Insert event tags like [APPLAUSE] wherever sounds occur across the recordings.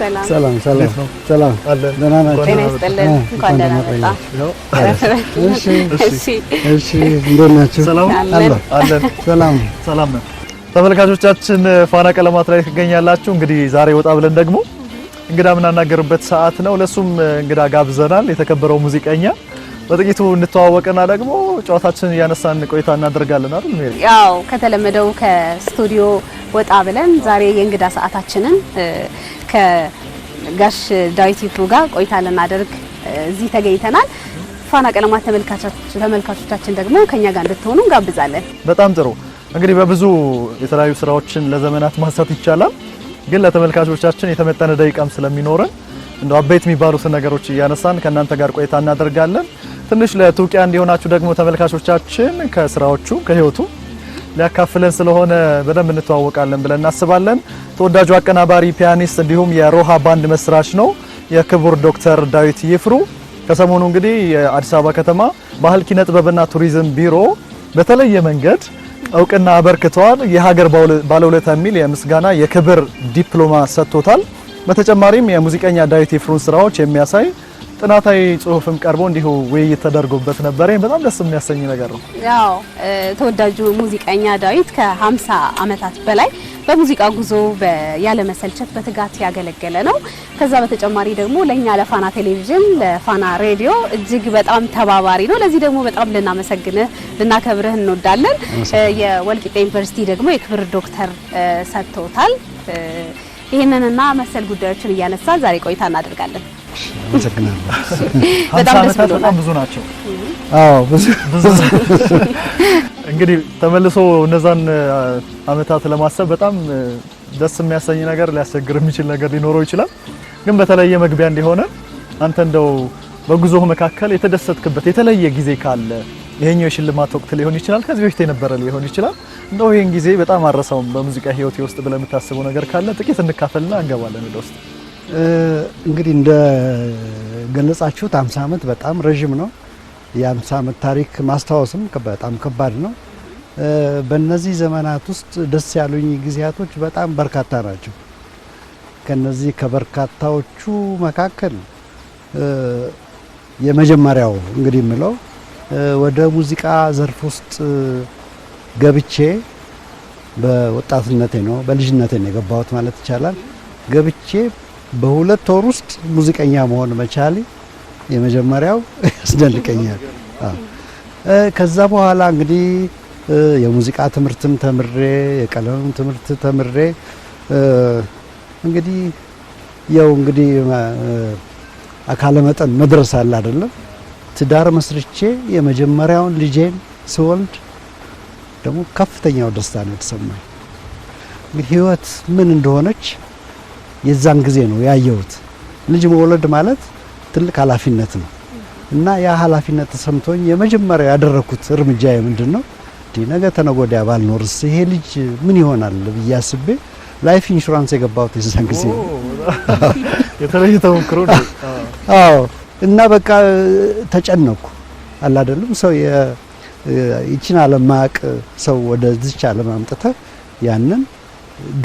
ሰላም ሰላም ሰላም አለን። ደህና ናችሁ? ጤና ይስጥልን። እንኳን ደህና መጣ። እሺ እሺ እሺ፣ ናችሁ? ሰላም አለን። ሰላም ሰላም ነው። ተመልካቾቻችን ፋና ቀለማት ላይ ትገኛላችሁ። እንግዲህ ዛሬ ወጣ ብለን ደግሞ እንግዳ የምናናገርበት ሰዓት ነው። ለሱም እንግዳ ጋብዘናል። የተከበረው ሙዚቀኛ በጥቂቱ እንተዋወቅና ደግሞ ጨዋታችን እያነሳን ቆይታ እናደርጋለን። አይደል? ያው ከተለመደው ከስቱዲዮ ወጣ ብለን ዛሬ የእንግዳ ሰዓታችንን ከጋሽ ዳዊት ይፍሩ ጋር ቆይታ ለማድረግ እዚህ ተገኝተናል። ፋና ቀለማት ተመልካቾቻችን ደግሞ ከኛ ጋር እንድትሆኑ እንጋብዛለን። በጣም ጥሩ እንግዲህ በብዙ የተለያዩ ስራዎችን ለዘመናት ማንሳት ይቻላል። ግን ለተመልካቾቻችን የተመጠነ ደቂቃም ስለሚኖረን እንደ አበይት የሚባሉትን ነገሮች እያነሳን ከእናንተ ጋር ቆይታ እናደርጋለን። ትንሽ ለትውቂያ እንዲሆናችሁ ደግሞ ተመልካቾቻችን ከስራዎቹ ከህይወቱ ሊያካፍለን ስለሆነ በደንብ እንተዋወቃለን ብለን እናስባለን። ተወዳጁ አቀናባሪ ፒያኒስት፣ እንዲሁም የሮሃ ባንድ መስራች ነው የክቡር ዶክተር ዳዊት ይፍሩ። ከሰሞኑ እንግዲህ የአዲስ አበባ ከተማ ባህል ኪነ ጥበብና ቱሪዝም ቢሮ በተለየ መንገድ እውቅና አበርክተዋል። የሀገር ባለውለታ የሚል የምስጋና የክብር ዲፕሎማ ሰጥቶታል። በተጨማሪም የሙዚቀኛ ዳዊት ይፍሩን ስራዎች የሚያሳይ ጥናታዊ ጽሁፍም ቀርቦ እንዲሁ ውይይት ተደርጎበት ነበር። ይሄ በጣም ደስ የሚያሰኝ ነገር ነው። ያው ተወዳጁ ሙዚቀኛ ዳዊት ከ50 ዓመታት በላይ በሙዚቃ ጉዞ ያለ መሰልቸት በትጋት ያገለገለ ነው። ከዛ በተጨማሪ ደግሞ ለእኛ ለፋና ቴሌቪዥን፣ ለፋና ሬዲዮ እጅግ በጣም ተባባሪ ነው። ለዚህ ደግሞ በጣም ልናመሰግንህ ልናከብርህ እንወዳለን። የወልቂጤ ዩኒቨርሲቲ ደግሞ የክብር ዶክተር ሰጥቶታል። ይህንንና መሰል ጉዳዮችን እያነሳ ዛሬ ቆይታ እናደርጋለን። አመሰግናለሁ። [LAUGHS] በጣም ብዙ ናቸው። አዎ ብዙ [LAUGHS] እንግዲህ ተመልሶ እነዛን አመታት ለማሰብ በጣም ደስ የሚያሰኝ ነገር ሊያስቸግር የሚችል ነገር ሊኖረው ይችላል። ግን በተለየ መግቢያ እንዲሆነ አንተ እንደው በጉዞህ መካከል የተደሰትክበት የተለየ ጊዜ ካለ ይሄኛው የሽልማት ወቅት ሊሆን ይችላል፣ ከዚህ በፊት የነበረ ሊሆን ይችላል። እንደው ይሄን ጊዜ በጣም አረሳውም በሙዚቃ ህይወቴ ውስጥ ብለህ የምታስበው ነገር ካለ ጥቂት እንካፈልና እንገባለን ወደ ውስጥ። እንግዲህ እንደ ገለጻችሁት 50 ዓመት በጣም ረዥም ነው። የ50 ዓመት ታሪክ ማስታወስም በጣም ከባድ ነው። በእነዚህ ዘመናት ውስጥ ደስ ያሉኝ ጊዜያቶች በጣም በርካታ ናቸው። ከነዚህ ከበርካታዎቹ መካከል የመጀመሪያው እንግዲህ የምለው ወደ ሙዚቃ ዘርፍ ውስጥ ገብቼ በወጣትነቴ ነው በልጅነቴ ነው የገባሁት ማለት ይቻላል ገብቼ በሁለት ወር ውስጥ ሙዚቀኛ መሆን መቻሌ የመጀመሪያው [LAUGHS] ያስደንቀኛል። ከዛ በኋላ እንግዲህ የሙዚቃ ትምህርትም ተምሬ የቀለም ትምህርት ተምሬ እንግዲህ ያው እንግዲህ አካለ መጠን መድረስ አለ አይደለም። ትዳር መስርቼ የመጀመሪያውን ልጄን ስወልድ ደግሞ ከፍተኛው ደስታ ነው የተሰማኝ። ህይወት ምን እንደሆነች የዛን ጊዜ ነው ያየሁት። ልጅ መውለድ ማለት ትልቅ ኃላፊነት ነው እና ያ ኃላፊነት ተሰምቶኝ የመጀመሪያው ያደረኩት እርምጃ ምንድን ነው? ነገ ተነጎዳያ ባልኖርስ ይሄ ልጅ ምን ይሆናል ብዬ አስቤ ላይፍ ኢንሹራንስ የገባሁት የዛን ጊዜ ነው። የተለየ ተሞክሮ ነው። አዎ እና በቃ ተጨነኩ። አለ አይደለም ሰው ይችን ዓለም ሰው ወደዚች ዓለም አምጥተ ያንን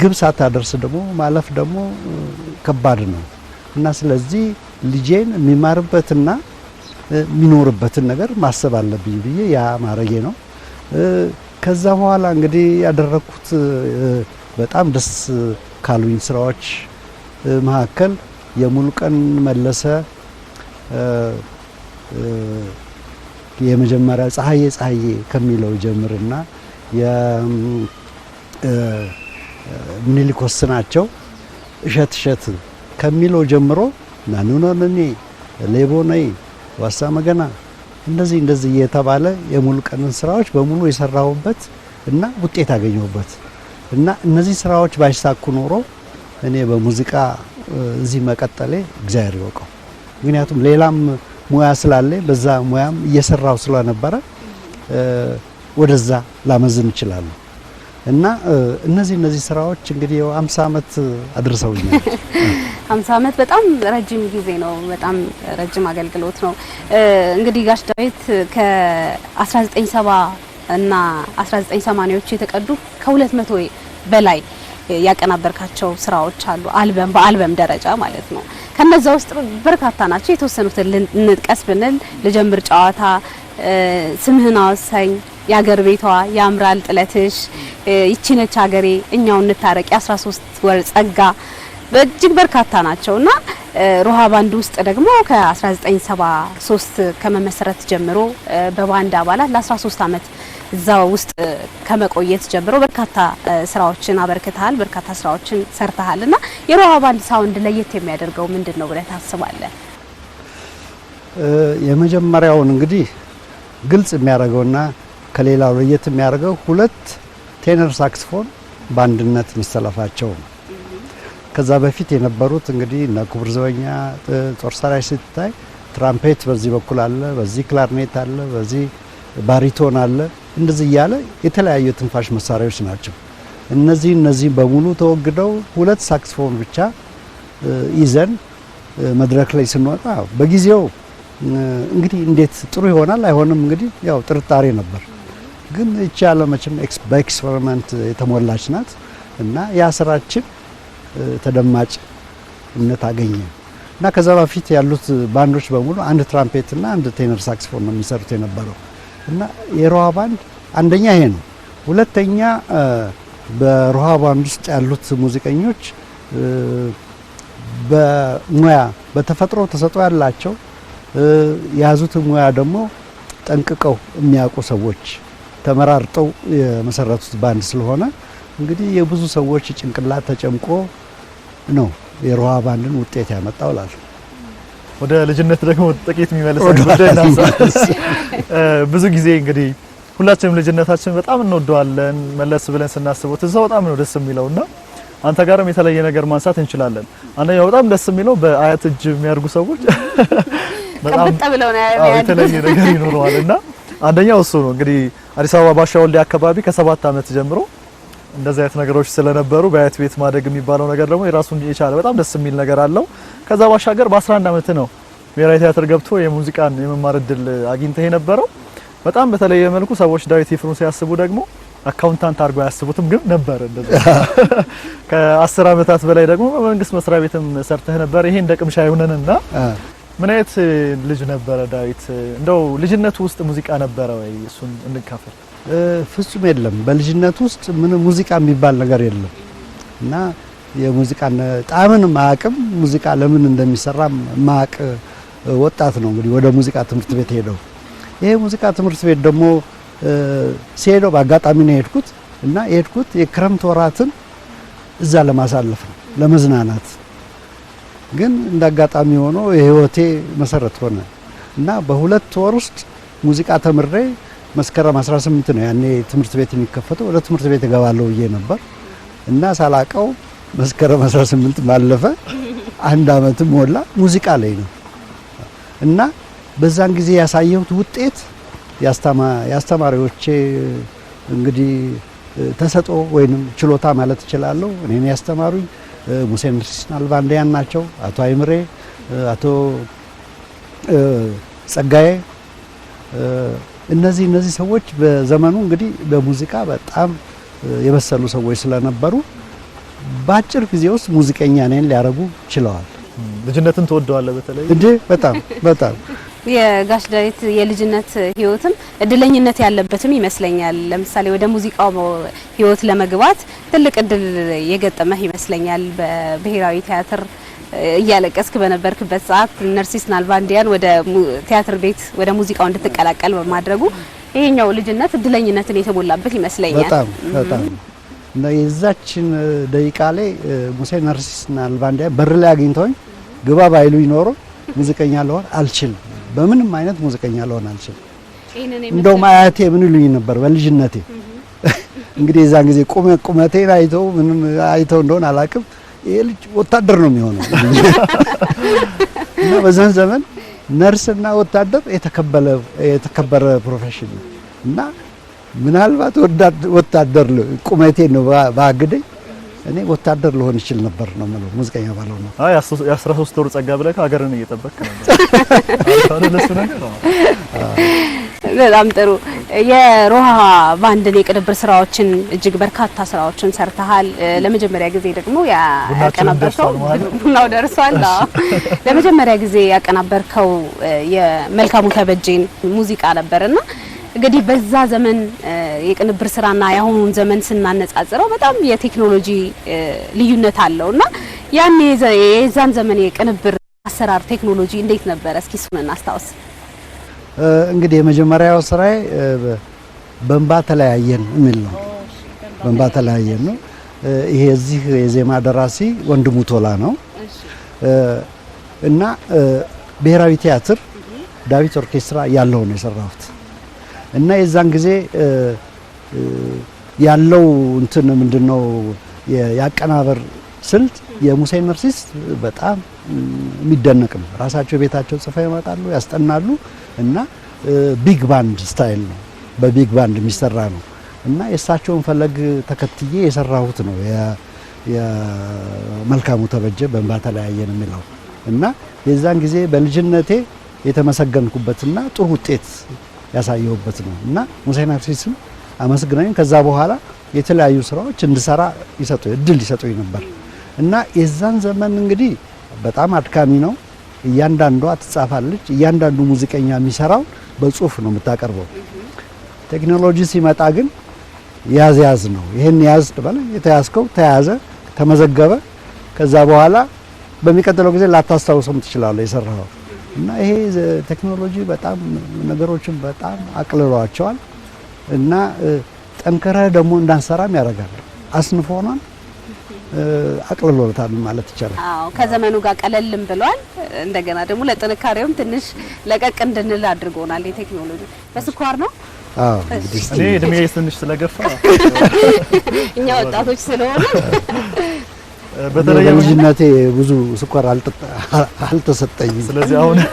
ግብ ሳታደርስ ደግሞ ማለፍ ደግሞ ከባድ ነው እና ስለዚህ ልጄን የሚማርበትና የሚኖርበትን ነገር ማሰብ አለብኝ ብዬ ያ ማረጌ ነው። ከዛ በኋላ እንግዲህ ያደረግኩት በጣም ደስ ካሉኝ ስራዎች መካከል የሙሉቀን መለሰ የመጀመሪያ ፀሐዬ ፀሐዬ ከሚለው ጀምርና ምኒልኮስ ናቸው። እሸት እሸት ከሚለው ጀምሮ ናኑነምኒ ነይ ዋሳ መገና እንደዚህ እንደዚህ እየተባለ የሙሉ ቀንን ስራዎች በሙሉ የሰራሁበት እና ውጤት አገኘሁበት እና እነዚህ ስራዎች ባይሳኩ ኖሮ እኔ በሙዚቃ እዚህ መቀጠሌ እግዚአብሔር ይወቀው። ምክንያቱም ሌላም ሙያ ስላለ በዛ ሙያም እየሰራው ስለነበረ ወደዛ ላመዝን እችላለሁ። እና እነዚህ እነዚህ ስራዎች እንግዲህ ያው 50 ዓመት አድርሰውኛል። 50 [LAUGHS] ዓመት በጣም ረጅም ጊዜ ነው። በጣም ረጅም አገልግሎት ነው። እንግዲህ ጋሽ ዳዊት ከ1970 እና 1980ዎቹ የተቀዱ ከ200 በላይ ያቀናበርካቸው ስራዎች አሉ፣ አልበም በአልበም ደረጃ ማለት ነው። ከነዛ ውስጥ በርካታ ናቸው። የተወሰኑትን እንጥቀስ ብንል ልጀምር፣ ጨዋታ፣ ስምህን አወሳኝ፣ የአገር ቤቷ፣ ያምራል ጥለትሽ፣ ይቺነች ሀገሬ፣ እኛው እንታረቅ፣ የ13 ወር ጸጋ በእጅግ በርካታ ናቸው እና ሮሃ ባንድ ውስጥ ደግሞ ከ1973 ከመመሰረት ጀምሮ በባንድ አባላት ለ13 ዓመት እዛ ውስጥ ከመቆየት ጀምሮ በርካታ ስራዎችን አበርክተሃል፣ በርካታ ስራዎችን ሰርተሃል እና የሮሃ ባንድ ሳውንድ ለየት የሚያደርገው ምንድን ነው ብለህ ታስባለህ? የመጀመሪያውን እንግዲህ ግልጽ የሚያደርገውና ከሌላው ለየት የሚያደርገው ሁለት ቴነር ሳክስፎን በአንድነት መሰለፋቸው ነው። ከዛ በፊት የነበሩት እንግዲህ እነ ክቡር ዘበኛ ጦር ሰራዊት ስትታይ ትራምፔት በዚህ በኩል አለ፣ በዚህ ክላርኔት አለ፣ በዚህ ባሪቶን አለ እንደዚህ እያለ የተለያዩ ትንፋሽ መሳሪያዎች ናቸው። እነዚህ እነዚህ በሙሉ ተወግደው ሁለት ሳክስፎን ብቻ ይዘን መድረክ ላይ ስንወጣ በጊዜው እንግዲህ እንዴት ጥሩ ይሆናል አይሆንም፣ እንግዲህ ያው ጥርጣሬ ነበር። ግን እቺ አለመችም በኤክስፐሪመንት የተሞላች ናት እና ያ ስራችን ተደማጭነት አገኘ እና ከዛ በፊት ያሉት ባንዶች በሙሉ አንድ ትራምፔትና አንድ ቴነር ሳክስፎን ነው የሚሰሩት የነበረው። እና የሮሃ ባንድ አንደኛ ይሄ ነው። ሁለተኛ በሮሃ ባንድ ውስጥ ያሉት ሙዚቀኞች በሙያ በተፈጥሮ ተሰጦ ያላቸው የያዙት ሙያ ደግሞ ጠንቅቀው የሚያውቁ ሰዎች ተመራርጠው የመሰረቱት ባንድ ስለሆነ እንግዲህ የብዙ ሰዎች ጭንቅላት ተጨምቆ ነው የሮሃ ባንድን ውጤት ያመጣው ላሉ ወደ ልጅነት ደግሞ ጥቂት የሚመልሰን ጉዳይ [LAUGHS] eh, ብዙ ጊዜ እንግዲህ ሁላችንም ልጅነታችን በጣም እንወደዋለን። መለስ ብለን ስናስበው ትዝ በጣም ነው ደስ የሚለውና አንተ ጋርም የተለየ ነገር ማንሳት እንችላለን። አንደኛው በጣም ደስ የሚለው በአያት እጅ የሚያርጉ ሰዎች [LAUGHS] በጣም የተለየ ነገር ይኖረዋል እና አንደኛው እሱ ነው። እንግዲህ አዲስ አበባ ባሻ ወልዲያ አካባቢ ከሰባት ዓመት ጀምሮ እንደዚህ አይነት ነገሮች ስለነበሩ በአያት ቤት ማደግ የሚባለው ነገር ደግሞ የራሱን የቻለ በጣም ደስ የሚል ነገር አለው። ከዛ ባሻገር በ11 ዓመት ነው ብሔራዊ ቲያትር ገብቶ የሙዚቃን የመማር እድል አግኝተህ የነበረው። በጣም በተለየ መልኩ ሰዎች ዳዊት ይፍሩን ሲያስቡ ደግሞ አካውንታንት አድርጎ አያስቡትም፣ ግን ነበረ እንደዚህ። [LAUGHS] ከአስር ዓመታት በላይ ደግሞ በመንግስት መስሪያ ቤትም ሰርተህ ነበር። ይሄ እንደ ቅምሻ ይሁንንና ምን አይነት ልጅ ነበረ ዳዊት? እንደው ልጅነቱ ውስጥ ሙዚቃ ነበረ ወይ? እሱን እንካፈል። ፍጹም የለም። በልጅነት ውስጥ ምን ሙዚቃ የሚባል ነገር የለም እና የሙዚቃ ጣዕምን ማቅም ሙዚቃ ለምን እንደሚሰራ ማቅ ወጣት ነው እንግዲህ ወደ ሙዚቃ ትምህርት ቤት ሄደው ይሄ ሙዚቃ ትምህርት ቤት ደግሞ ሲሄደው በአጋጣሚ ነው የሄድኩት እና የሄድኩት የክረምት ወራትን እዛ ለማሳለፍ ነው ለመዝናናት። ግን እንደ አጋጣሚ ሆኖ የህይወቴ መሰረት ሆነ እና በሁለት ወር ውስጥ ሙዚቃ ተምሬ መስከረም 18 ነው ያኔ ትምህርት ቤት የሚከፈተው። ወደ ትምህርት ቤት እገባለሁ ብዬ ነበር እና ሳላቀው መስከረም 18 ባለፈ አንድ አመትም ሞላ። ሙዚቃ ላይ ነው እና በዛን ጊዜ ያሳየሁት ውጤት የአስተማሪዎቼ እንግዲህ ተሰጥኦ ወይም ችሎታ ማለት እችላለሁ። እኔን ያስተማሩኝ ሙሴ ኢንተርናሽናል ባንዲያን ናቸው። አቶ አይምሬ፣ አቶ ጸጋዬ እነዚህ እነዚህ ሰዎች በዘመኑ እንግዲህ በሙዚቃ በጣም የበሰሉ ሰዎች ስለነበሩ በአጭር ጊዜ ውስጥ ሙዚቀኛ ነኝ ሊያረጉ ችለዋል። ልጅነትን ትወደዋለህ በተለይ እንዴ? በጣም በጣም የጋሽ ዳዊት የልጅነት ህይወትም እድለኝነት ያለበትም ይመስለኛል። ለምሳሌ ወደ ሙዚቃው ህይወት ለመግባት ትልቅ እድል የገጠመህ ይመስለኛል። በብሔራዊ ቲያትር እያለቀስክ በነበርክበት ሰዓት ነርሲስ ናልባንዲያን ወደ ቲያትር ቤት ወደ ሙዚቃው እንድትቀላቀል በማድረጉ ይሄኛው ልጅነት እድለኝነትን የተሞላበት ይመስለኛል። በጣም በጣም የዛችን ደቂቃ ላይ ሙሴ ነርሲስ ናልባንዲያ በር ላይ አግኝተውኝ ግባ ባይሉ ይኖሩ ሙዚቀኛ ለሆን አልችልም። በምንም አይነት ሙዚቀኛ ለሆን አልችልም። እንደውም አያቴ ምን ይሉኝ ነበር በልጅነቴ እንግዲህ የዛን ጊዜ ቁመቴን አይተው ምንም አይተው እንደሆን አላቅም ይሄ ልጅ ወታደር ነው የሚሆነው እና በዛን ዘመን ነርስና ወታደር የተከበረ ፕሮፌሽን ነው እና ምናልባት ወታደር ቁመቴ ነው በአግደኝ እኔ ወታደር ልሆን ይችል ነበር ነው የምለው። ሙዚቀኛ ባለው ነው። አይ 13 ወር ጸጋ ብለህ ሀገርን እየጠበቅክ ነበር። [LAUGHS] በጣም ጥሩ የሮሃ ባንድን የቅንብር ስራዎችን እጅግ በርካታ ስራዎችን ሰርተሃል። ለመጀመሪያ ጊዜ ደግሞ ያቀናበርከው ቡናው ደርሷል። ለመጀመሪያ ጊዜ ያቀናበርከው የመልካሙ ተበጄን ሙዚቃ ነበርና እንግዲህ በዛ ዘመን የቅንብር ስራና የአሁኑን ዘመን ስናነጻጽረው በጣም የቴክኖሎጂ ልዩነት አለው አለውና ያን የዛን ዘመን የቅንብር አሰራር ቴክኖሎጂ እንዴት ነበረ? እስኪ እሱን እናስታውስ። እንግዲህ የመጀመሪያው ስራዬ በእንባ ተለያየን የሚል ነው። በእንባ ተለያየን ነው። ይሄ እዚህ የዜማ ደራሲ ወንድሙ ቶላ ነው እና ብሔራዊ ቲያትር ዳዊት ኦርኬስትራ ያለው ነው የሰራሁት እና የዛን ጊዜ ያለው እንትን ምንድነው የአቀናበር ስልት የሙሴን መርሲስት በጣም የሚደነቅ ነው። ራሳቸው ቤታቸው ጽፈው ይመጣሉ፣ ያስጠናሉ እና ቢግ ባንድ ስታይል ነው። በቢግ ባንድ የሚሰራ ነው እና የእሳቸውን ፈለግ ተከትዬ የሰራሁት ነው የመልካሙ ተበጀ በእንባ ተለያየን የሚለው እና የዛን ጊዜ በልጅነቴ የተመሰገንኩበትና ጥሩ ውጤት ያሳየሁበት ነው እና ሙሴ ናርሲስም አመስግናኝ ከዛ በኋላ የተለያዩ ስራዎች እንድሰራ ይሰጡ እድል ይሰጡኝ ነበር። እና የዛን ዘመን እንግዲህ በጣም አድካሚ ነው። እያንዳንዷ ትጻፋለች። እያንዳንዱ ሙዚቀኛ የሚሰራው በጽሁፍ ነው የምታቀርበው። ቴክኖሎጂ ሲመጣ ግን ያዝ ያዝ ነው። ይህን ያዝ ትበለ የተያዝከው ተያዘ፣ ተመዘገበ። ከዛ በኋላ በሚቀጥለው ጊዜ ላታስታውሰም ትችላለህ የሰራኸው እና ይሄ ቴክኖሎጂ በጣም ነገሮችን በጣም አቅልሏቸዋል እና ጠንክረህ ደግሞ እንዳንሰራም ያደርጋል። አስንፎናል። አቅልሎታል ማለት ይቻላል። አዎ ከዘመኑ ጋር ቀለልም ብሏል። እንደገና ደግሞ ለጥንካሬውም ትንሽ ለቀቅ እንድንል አድርጎናል። የቴክኖሎጂ በስኳር ነው። አዎ እንግዲህ እኔ እድሜ ትንሽ ስለገፋ [LAUGHS] እኛ ወጣቶች ስለሆነ በተለይ ብዙ ስኳር አልተሰጠኝም። ስለዚህ አሁን [LAUGHS]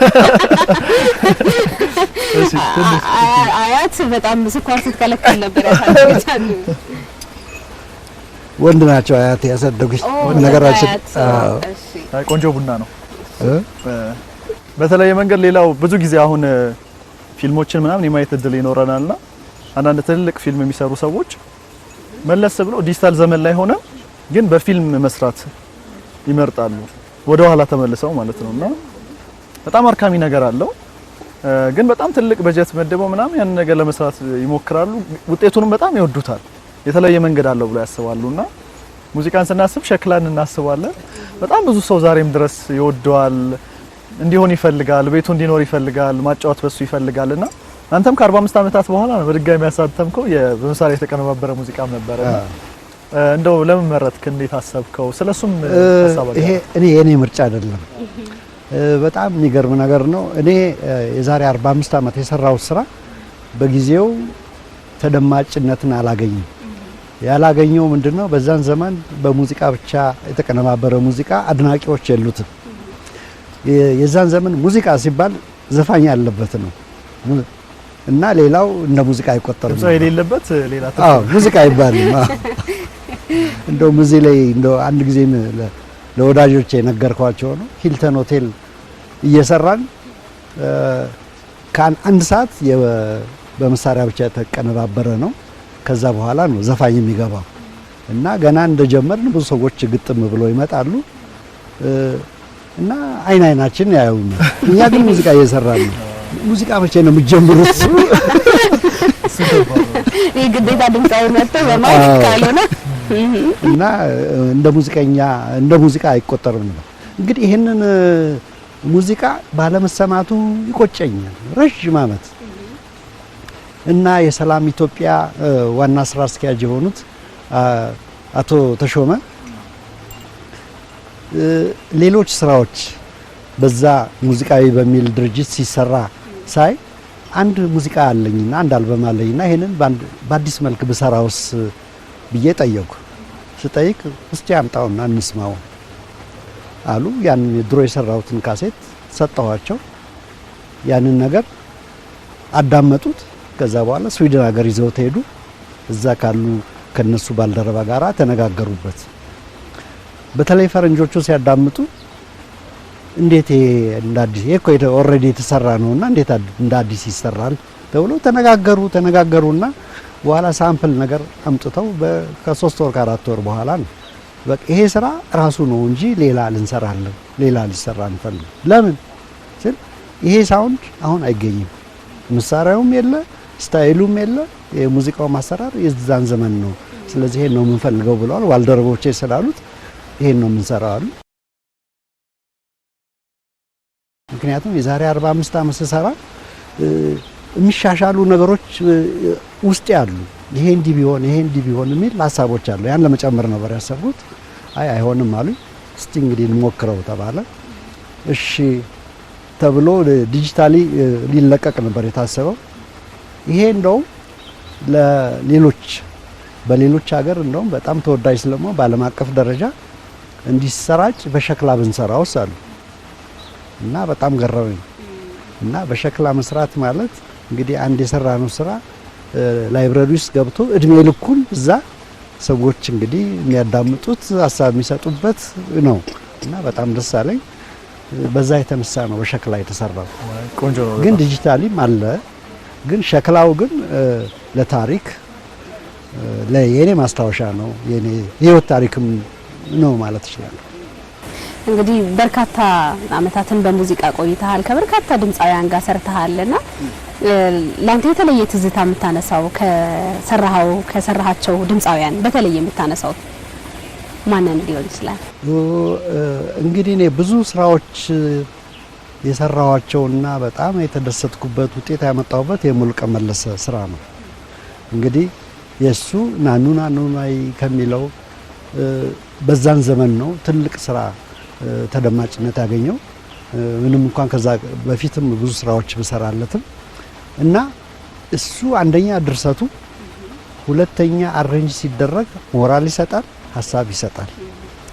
አያት በጣም ስኳር ስትከለከል ነበር ያሳለፈቻለሁ ወንድ ናቸው አያት ያሳደጉኝ። ነገራችን ቆንጆ ቡና ነው። በተለየ መንገድ ሌላው ብዙ ጊዜ አሁን ፊልሞችን ምናምን የማየት እድል ይኖረናልና አንዳንድ ትልልቅ ፊልም የሚሰሩ ሰዎች መለስ ብሎ ዲጂታል ዘመን ላይ ሆነ ግን በፊልም መስራት ይመርጣሉ፣ ወደ ኋላ ተመልሰው ማለት ነውና በጣም አድካሚ ነገር አለው። ግን በጣም ትልቅ በጀት መድበው ምናምን ያን ነገር ለመስራት ይሞክራሉ። ውጤቱንም በጣም ይወዱታል። የተለየ መንገድ አለው ብሎ ያስባሉ እና ሙዚቃን ስናስብ ሸክላን እናስባለን። በጣም ብዙ ሰው ዛሬም ድረስ ይወደዋል፣ እንዲሆን ይፈልጋል፣ ቤቱ እንዲኖር ይፈልጋል፣ ማጫወት በሱ ይፈልጋል እና አንተም ከ45 ዓመታት በኋላ ነው በድጋሚ ያሳተምከው በምሳሌ የተቀነባበረ ሙዚቃም ነበረ። እንደው ለምን መረጥክ? እንዴት አሰብከው? ስለሱም ይሄ እኔ የኔ ምርጫ አይደለም። በጣም የሚገርም ነገር ነው። እኔ የዛሬ 45 ዓመት የሰራው ስራ በጊዜው ተደማጭነትን አላገኝም። ያላገኘው ምንድን ነው? በዛን ዘመን በሙዚቃ ብቻ የተቀነባበረ ሙዚቃ አድናቂዎች የሉትም። የዛን ዘመን ሙዚቃ ሲባል ዘፋኝ ያለበት ነው እና ሌላው እንደ ሙዚቃ አይቆጠርም። የሌለበት ሌላ ሙዚቃ አይባልም። እንደውም እዚህ ላይ እንደው አንድ ጊዜም ለወዳጆች የነገርኳቸው ነው። ሂልተን ሆቴል እየሰራን ከአንድ ሰዓት በመሳሪያ ብቻ የተቀነባበረ ነው ከዛ በኋላ ነው ዘፋኝ የሚገባው እና ገና እንደጀመርን ብዙ ሰዎች ግጥም ብለው ይመጣሉ እና አይን አይናችን ያዩና እኛ ግን ሙዚቃ እየሰራን ነው። ሙዚቃ መቼ ነው የምትጀምሩት? ግዴታ መጥቶ ካልሆነ እና እንደ ሙዚቀኛ እንደ ሙዚቃ አይቆጠርም ነው እንግዲህ ይህንን ሙዚቃ ባለመሰማቱ ይቆጨኛል ረዥም አመት። እና የሰላም ኢትዮጵያ ዋና ስራ አስኪያጅ የሆኑት አቶ ተሾመ ሌሎች ስራዎች በዛ ሙዚቃዊ በሚል ድርጅት ሲሰራ ሳይ አንድ ሙዚቃ አለኝና አንድ አልበም አለኝና ይሄንን በአዲስ መልክ ብሰራውስ ብዬ ጠየቁ። ስጠይቅ እስቲ አምጣውና እንስማው አሉ። ያን ድሮ የሰራሁትን ካሴት ሰጠኋቸው። ያንን ነገር አዳመጡት። ከዛ በኋላ ስዊድን ሀገር ይዘው ተሄዱ። እዛ ካሉ ከነሱ ባልደረባ ጋር ተነጋገሩበት። በተለይ ፈረንጆቹ ሲያዳምጡ እንዴት እንደ አዲስ ይሄ እኮ ኦልሬዲ የተሰራ ነውና እንዴት እንደ አዲስ ይሰራል ተብሎ ተነጋገሩ ተነጋገሩና በኋላ ሳምፕል ነገር አምጥተው ከሶስት ወር ከአራት ወር በኋላ ነው በቃ ይሄ ስራ ራሱ ነው እንጂ ሌላ ልንሰራለን ሌላ ሊሰራ እንፈልግ ለምን ስል ይሄ ሳውንድ አሁን አይገኝም፣ መሳሪያውም የለ ስታይሉም የለ የሙዚቃው ማሰራር የዛን ዘመን ነው። ስለዚህ ይሄን ነው የምንፈልገው ብለዋል። ባልደረቦቼ ስላሉት ይሄን ነው የምንሰራው አሉ። ምክንያቱም የዛሬ 45 ዓመት ስሰራ የሚሻሻሉ ነገሮች ውስጥ ያሉ ይሄ እንዲህ ቢሆን ይሄ እንዲህ ቢሆን የሚል ሀሳቦች አሉ። ያን ለመጨመር ነበር ያሰብኩት። አይ አይሆንም አሉ። እስቲ እንግዲህ እንሞክረው ተባለ። እሺ ተብሎ ዲጂታሊ ሊለቀቅ ነበር የታሰበው። ይሄ እንደውም ለሌሎች በሌሎች ሀገር እንደውም በጣም ተወዳጅ ስለሞ በዓለም አቀፍ ደረጃ እንዲሰራጭ በሸክላ ብንሰራውስ አሉ እና በጣም ገረመኝ። እና በሸክላ መስራት ማለት እንግዲህ አንድ የሰራ ነው ስራ ላይብረሪ ውስጥ ገብቶ እድሜ ልኩን እዛ ሰዎች እንግዲህ የሚያዳምጡት ሀሳብ የሚሰጡበት ነው እና በጣም ደስ አለኝ። በዛ የተነሳ ነው በሸክላ የተሰራው። ግን ዲጂታሊም አለ ግን ሸክላው ግን ለታሪክ የኔ ማስታወሻ ነው፣ የኔ የህይወት ታሪክም ነው ማለት እችላለሁ። እንግዲህ በርካታ አመታትን በሙዚቃ ቆይተሃል፣ ከበርካታ ድምፃውያን ጋር ሰርተሃል እና ለአንተ የተለየ ትዝታ የምታነሳው ከሰራው ከሰራሃቸው ድምፃውያን በተለየ የምታነሳው ማንን ሊሆን ይችላል? እንግዲህ እኔ ብዙ ስራዎች የሰራዋቸውና በጣም የተደሰትኩበት ውጤት ያመጣሁበት የሙሉቀን መለሰ ስራ ነው። እንግዲህ የእሱ ናኑ ናኑ ከሚለው በዛን ዘመን ነው ትልቅ ስራ ተደማጭነት ያገኘው። ምንም እንኳን ከዛ በፊትም ብዙ ስራዎች ብሰራለትም እና እሱ አንደኛ ድርሰቱ፣ ሁለተኛ አሬንጅ ሲደረግ ሞራል ይሰጣል፣ ሀሳብ ይሰጣል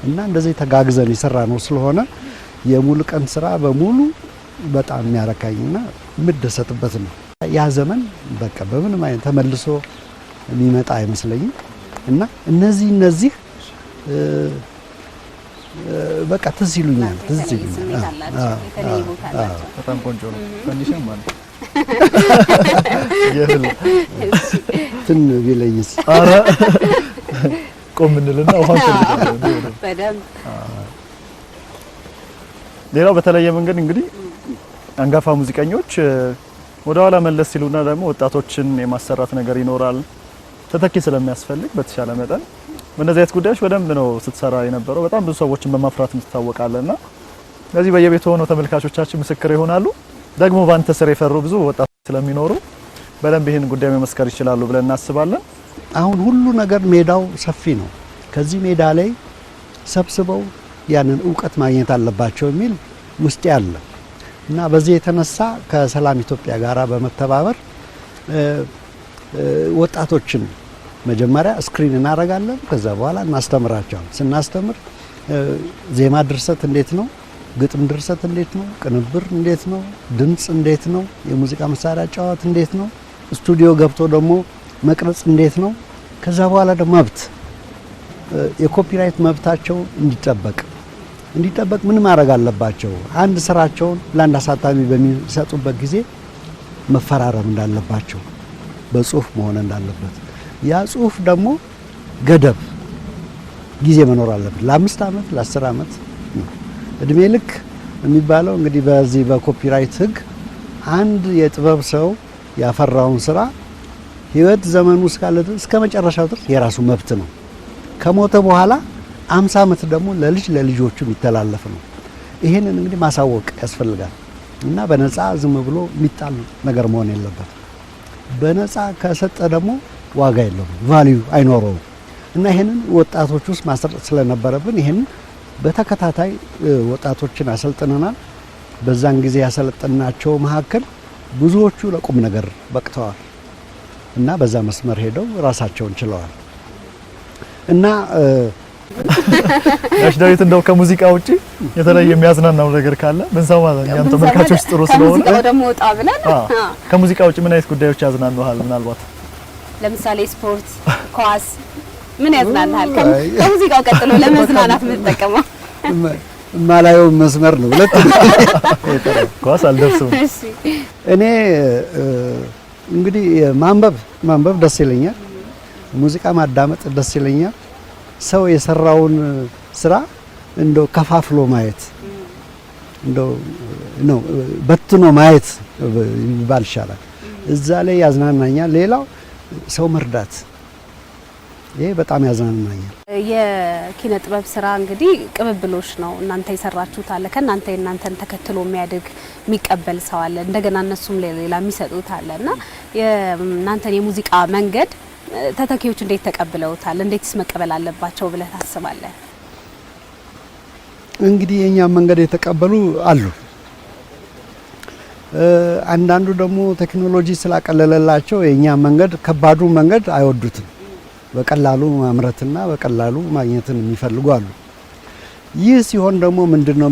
እና እንደዚህ ተጋግዘን የሰራ ነው ስለሆነ የሙሉ ቀን ስራ በሙሉ በጣም የሚያረካኝና የምደሰትበት ነው። ያ ዘመን በቃ በምንም አይነት ተመልሶ የሚመጣ አይመስለኝም እና እነዚህ እነዚህ በቃ ትዝ ይሉኛል ትዝ ይሉኛል። በጣም ቆንጆ ነው። [LAUGHS] ትን ቢለይስ ኧረ ቆም እንልና ውሃ ሌላው በተለየ መንገድ እንግዲህ አንጋፋ ሙዚቀኞች ወደ ኋላ መለስ ሲሉና ደግሞ ወጣቶችን የማሰራት ነገር ይኖራል። ተተኪ ስለሚያስፈልግ በተሻለ መጠን በእነዚህ አይነት ጉዳዮች በደንብ ነው ስትሰራ የነበረው። በጣም ብዙ ሰዎችን በማፍራት የምትታወቃለና እነዚህ በየቤቱ ሆነው ተመልካቾቻችን ምስክር ይሆናሉ። ደግሞ በአንተ ስር የፈሩ ብዙ ወጣቶች ስለሚኖሩ በደንብ ይህን ጉዳይ መመስከር ይችላሉ ብለን እናስባለን። አሁን ሁሉ ነገር ሜዳው ሰፊ ነው። ከዚህ ሜዳ ላይ ሰብስበው ያንን እውቀት ማግኘት አለባቸው የሚል ውስጥ ያለ እና በዚህ የተነሳ ከሰላም ኢትዮጵያ ጋር በመተባበር ወጣቶችን መጀመሪያ ስክሪን እናደርጋለን። ከዛ በኋላ እናስተምራቸዋል። ስናስተምር ዜማ ድርሰት እንዴት ነው፣ ግጥም ድርሰት እንዴት ነው፣ ቅንብር እንዴት ነው፣ ድምፅ እንዴት ነው፣ የሙዚቃ መሳሪያ ጨዋት እንዴት ነው፣ ስቱዲዮ ገብቶ ደግሞ መቅረጽ እንዴት ነው። ከዛ በኋላ ደግሞ መብት የኮፒራይት መብታቸው እንዲጠበቅ እንዲጠበቅ ምን ማድረግ አለባቸው? አንድ ስራቸውን ለአንድ አሳታሚ በሚሰጡበት ጊዜ መፈራረም እንዳለባቸው በጽሁፍ መሆን እንዳለበት፣ ያ ጽሁፍ ደግሞ ገደብ ጊዜ መኖር አለበት። ለአምስት ዓመት ለአስር ዓመት እድሜ ልክ የሚባለው እንግዲህ በዚህ በኮፒራይት ህግ አንድ የጥበብ ሰው ያፈራውን ስራ ህይወት ዘመኑ እስካለ እስከ መጨረሻው ድረስ የራሱ መብት ነው። ከሞተ በኋላ አምሳ ዓመት ደግሞ ለልጅ ለልጆቹ የሚተላለፍ ነው። ይህንን እንግዲህ ማሳወቅ ያስፈልጋል እና በነፃ ዝም ብሎ የሚጣል ነገር መሆን የለበት። በነፃ ከሰጠ ደግሞ ዋጋ የለውም፣ ቫሊዩ አይኖረውም እና ይህንን ወጣቶች ውስጥ ማስረጥ ስለነበረብን ይህንን በተከታታይ ወጣቶችን አሰልጥነናል። በዛን ጊዜ ያሰለጠናቸው መካከል ብዙዎቹ ለቁም ነገር በቅተዋል እና በዛ መስመር ሄደው ራሳቸውን ችለዋል እና ጋሽ [LAUGHS] ዳዊት እንደው ከሙዚቃ ውጪ የተለየ የሚያዝናናው ነገር ካለ ምን ብንሰማ ያንተ ተመልካቾች ጥሩ ስለሆነ ደግሞ ወጣ ብለን ከሙዚቃ ውጪ ምን አይነት ጉዳዮች ያዝናናሃል? ምናልባት ለምሳሌ ስፖርት፣ ኳስ ምን ያዝናናሃል? ከሙዚቃው ቀጥሎ [LAUGHS] ለመዝናናት የምትጠቀመው ማላየው መስመር ነው። ሁለት [LAUGHS] ኳስ አልደርስም። እኔ እንግዲህ ማንበብ ማንበብ ደስ ይለኛል። ሙዚቃ ማዳመጥ ደስ ይለኛል። ሰው የሰራውን ስራ እንደ ከፋፍሎ ማየት ነው በትኖ ማየት ይባል ይሻላል። እዛ ላይ ያዝናናኛል። ሌላው ሰው መርዳት ይሄ በጣም ያዝናናኛል። የኪነ ጥበብ ስራ እንግዲህ ቅብብሎች ነው። እናንተ የሰራችሁት አለ፣ ከእናንተ የእናንተን ተከትሎ የሚያድግ የሚቀበል ሰው አለ፣ እንደገና እነሱም ሌላ የሚሰጡት አለ እና የሙዚቃ መንገድ ተተኪዎች እንዴት ተቀብለውታል? እንዴትስ መቀበል አለባቸው ብለህ ታስባለህ? እንግዲህ የእኛም መንገድ የተቀበሉ አሉ። አንዳንዱ ደግሞ ቴክኖሎጂ ስላቀለለላቸው የእኛ መንገድ ከባዱ መንገድ አይወዱትም። በቀላሉ ማምረትና በቀላሉ ማግኘትን የሚፈልጉ አሉ። ይህ ሲሆን ደግሞ ምንድን ነው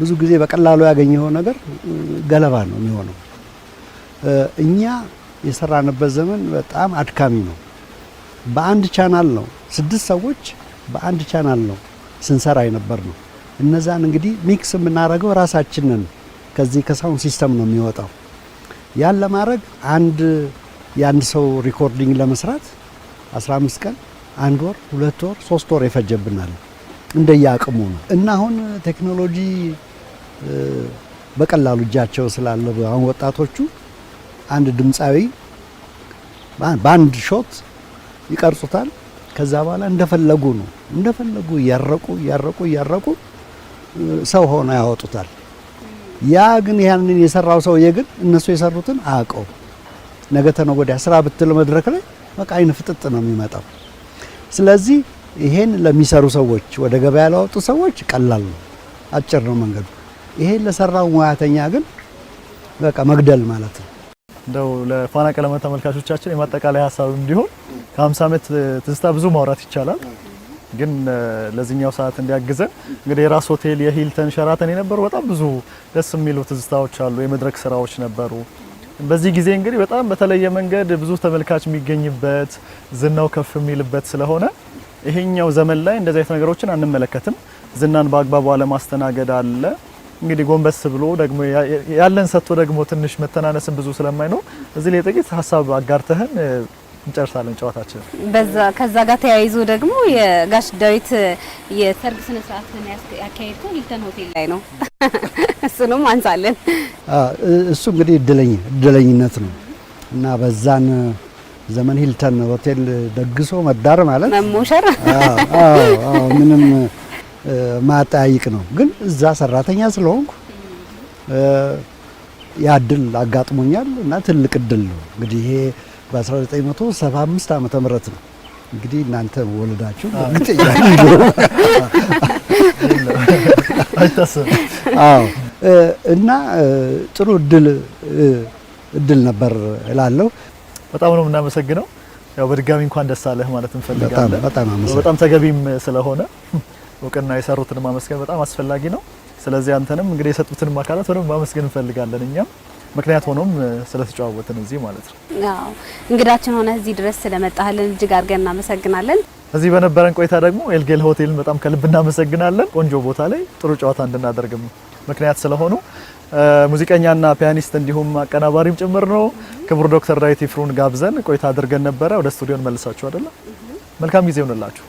ብዙ ጊዜ በቀላሉ ያገኘው ነገር ገለባ ነው የሚሆነው። እኛ የሰራንበት ዘመን በጣም አድካሚ ነው። በአንድ ቻናል ነው ስድስት ሰዎች በአንድ ቻናል ነው ስንሰራ የነበር ነው። እነዛን እንግዲህ ሚክስ የምናደርገው ራሳችንን ከዚህ ከሳውንድ ሲስተም ነው የሚወጣው። ያን ለማድረግ አንድ የአንድ ሰው ሪኮርዲንግ ለመስራት 15 ቀን፣ አንድ ወር፣ ሁለት ወር፣ ሶስት ወር ይፈጀብናል አቅሙ ነው እና አሁን ቴክኖሎጂ በቀላሉ እጃቸው ስላለ አሁን ወጣቶቹ አንድ ድምፃዊ በአንድ ሾት ይቀርጹታል። ከዛ በኋላ እንደፈለጉ ነው እንደፈለጉ እያረቁ እያረቁ እያረቁ ሰው ሆኖ ያወጡታል። ያ ግን ያንን የሰራው ሰውዬ ግን እነሱ የሰሩትን አያውቀው። ነገ ተነገ ወዲያ ስራ ብትል መድረክ ላይ በቃ አይን ፍጥጥ ነው የሚመጣው። ስለዚህ ይሄን ለሚሰሩ ሰዎች፣ ወደ ገበያ ላወጡ ሰዎች ቀላል ነው፣ አጭር ነው መንገዱ። ይሄን ለሰራው ሙያተኛ ግን በቃ መግደል ማለት ነው። እንደው ለፋና ቀለማት ተመልካቾቻችን የማጠቃለያ ሀሳብ እንዲሆን ከ50 ዓመት ትዝታ ብዙ ማውራት ይቻላል፣ ግን ለዚህኛው ሰዓት እንዲያግዘን እንግዲህ የራስ ሆቴል፣ የሂልተን፣ ሸራተን የነበሩ በጣም ብዙ ደስ የሚሉ ትዝታዎች አሉ። የመድረክ ስራዎች ነበሩ። በዚህ ጊዜ እንግዲህ በጣም በተለየ መንገድ ብዙ ተመልካች የሚገኝበት ዝናው ከፍ የሚልበት ስለሆነ ይሄኛው ዘመን ላይ እንደዚህ አይነት ነገሮችን አንመለከትም። ዝናን በአግባቡ አለማስተናገድ አለ። እንግዲህ ጎንበስ ብሎ ደግሞ ያለን ሰጥቶ ደግሞ ትንሽ መተናነስን ብዙ ስለማይኖር እዚህ ላይ ጥቂት ሀሳብ አጋርተህን እንጨርሳለን ጨዋታችን። በዛ ከዛ ጋር ተያይዞ ደግሞ የጋሽ ዳዊት የሰርግ ስነ ስርዓትን ያካሄድከው ሂልተን ሆቴል ላይ ነው። [LAUGHS] እሱንም አንሳለን። እሱ እንግዲህ እድለኝ እድለኝነት ነው እና በዛን ዘመን ሂልተን ሆቴል ደግሶ መዳር ማለት መሞሸር ምንም ማጠያይቅ ነው። ግን እዛ ሰራተኛ ስለሆንኩ ያ እድል አጋጥሞኛል እና ትልቅ እድል ነው። እንግዲህ ይሄ በ1975 ዓመተ ምህረት ነው። እንግዲህ እናንተ ወልዳችሁ እና ጥሩ እድል እድል ነበር እላለሁ። በጣም ነው የምናመሰግነው። ያው በድጋሚ እንኳን ደስ አለህ ማለት እንፈልጋለን። በጣም ተገቢም ስለሆነ እውቅና የሰሩትን ማመስገን በጣም አስፈላጊ ነው። ስለዚህ አንተንም እንግዲህ የሰጡትን አካላት በደንብ ማመስገን እንፈልጋለን። እኛም ምክንያት ሆኖም ስለተጨዋወትን እዚህ ማለት ነው። እንግዳችን ሆነ እዚህ ድረስ ስለመጣህልን እጅግ አድርገን እናመሰግናለን። እዚህ በነበረን ቆይታ ደግሞ ኤልጌል ሆቴልን በጣም ከልብ እናመሰግናለን። ቆንጆ ቦታ ላይ ጥሩ ጨዋታ እንድናደርግም ምክንያት ስለሆኑ ሙዚቀኛና ፒያኒስት እንዲሁም አቀናባሪም ጭምር ነው። ክቡር ዶክተር ዳዊት ይፍሩን ጋብዘን ቆይታ አድርገን ነበረ። ወደ ስቱዲዮን መልሳችሁ አይደለም። መልካም ጊዜ ይሆንላችሁ።